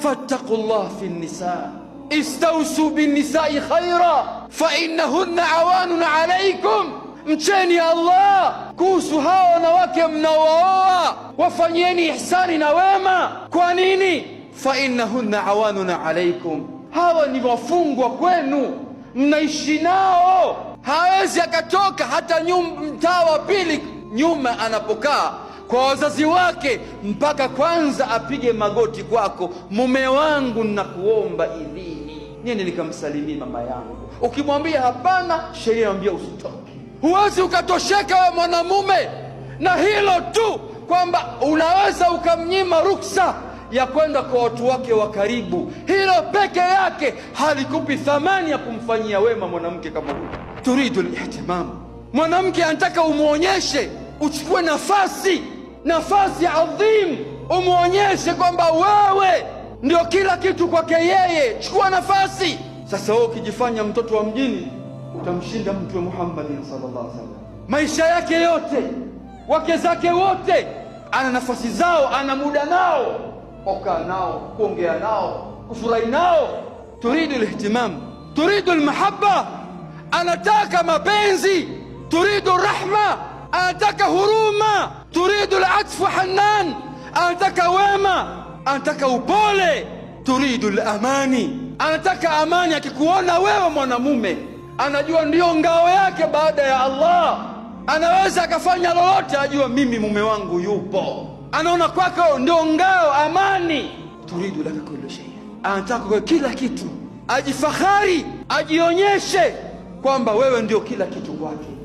fattaqu llah fi nisa istausu binnisai khaira fainnahunna awanun alaikum, mcheni Allah kuhusu hawa wanawake mnawaoa wafanyeni ihsani na wema. Kwa nini? fainnahunna awanuna alaikum, hawa ni wafungwa kwenu, mnaishi nao, hawezi akatoka hata mtaa wa pili nyuma anapokaa kwa wazazi wake mpaka kwanza apige magoti kwako, mume wangu, nakuomba idhini niende nikamsalimie mama yangu. Ukimwambia hapana, sheria inamwambia usitoke. Huwezi ukatosheka we mwanamume na hilo tu, kwamba unaweza ukamnyima ruksa ya kwenda kwa watu wake wa karibu. Hilo peke yake halikupi thamani ya kumfanyia wema mwanamke kama huyo. Turidu lihtimam, mwanamke anataka umwonyeshe, uchukue nafasi nafasi adhimu, umwonyeshe kwamba wewe ndio kila kitu kwake yeye. Chukua nafasi sasa. Wewe ukijifanya mtoto wa mjini utamshinda Mtume Muhammadin sallallahu alaihi wasallam. Maisha yake yote, wake zake wote, ana nafasi zao, ana muda nao, kukaa nao, kuongea nao, kufurahi nao. Turidu lihtimam, turidu lmahaba, anataka mapenzi. Turidu rahma anataka huruma, turidu latfu hannan, anataka wema, anataka upole, turidu lamani, anataka amani. Akikuona wewe mwanamume, anajua ndiyo ngao yake baada ya Allah, anaweza akafanya lolote, ajua mimi mume wangu yupo, anaona kwako ndio ngao, amani. Turidu laka kullu shay, anataka kwa kila kitu, ajifahari, ajionyeshe kwamba wewe ndio kila kitu kwake.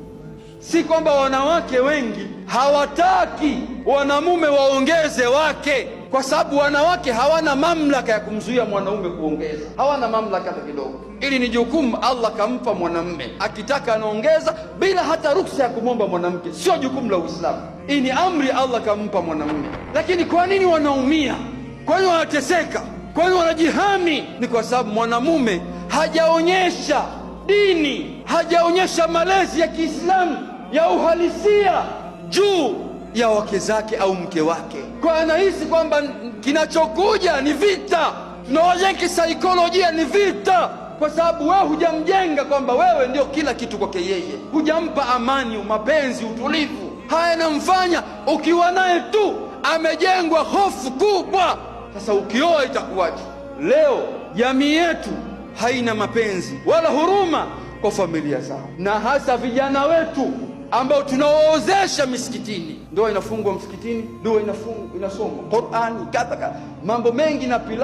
Si kwamba wanawake wengi hawataki wanamume waongeze wake, kwa sababu wanawake hawana mamlaka ya kumzuia mwanaume kuongeza, hawana mamlaka hata kidogo. Ili ni jukumu Allah kampa mwanamume, akitaka anaongeza bila hata ruksa ya kumwomba mwanamke, sio jukumu la Uislamu. Hii ni amri Allah kampa mwanamume, lakini kwa nini wanaumia? Kwa nini wanateseka? Kwa nini wanajihami? Ni kwa sababu mwanamume hajaonyesha dini, hajaonyesha malezi ya Kiislamu ya uhalisia juu ya wake zake au mke wake, kwa anahisi kwamba kinachokuja ni vita. Tunaoja kisaikolojia ni vita, kwa sababu wewe hujamjenga kwamba wewe ndio kila kitu kwake yeye, hujampa amani, mapenzi, utulivu. Haya yanamfanya ukiwa naye tu amejengwa hofu kubwa. Sasa ukioa itakuwaje? Leo jamii yetu haina mapenzi wala huruma kwa familia zao, na hasa vijana wetu ambao tunaoozesha misikitini. Ndoa inafungwa msikitini, dua inasomwa, Qurani kadha mambo mengi na pila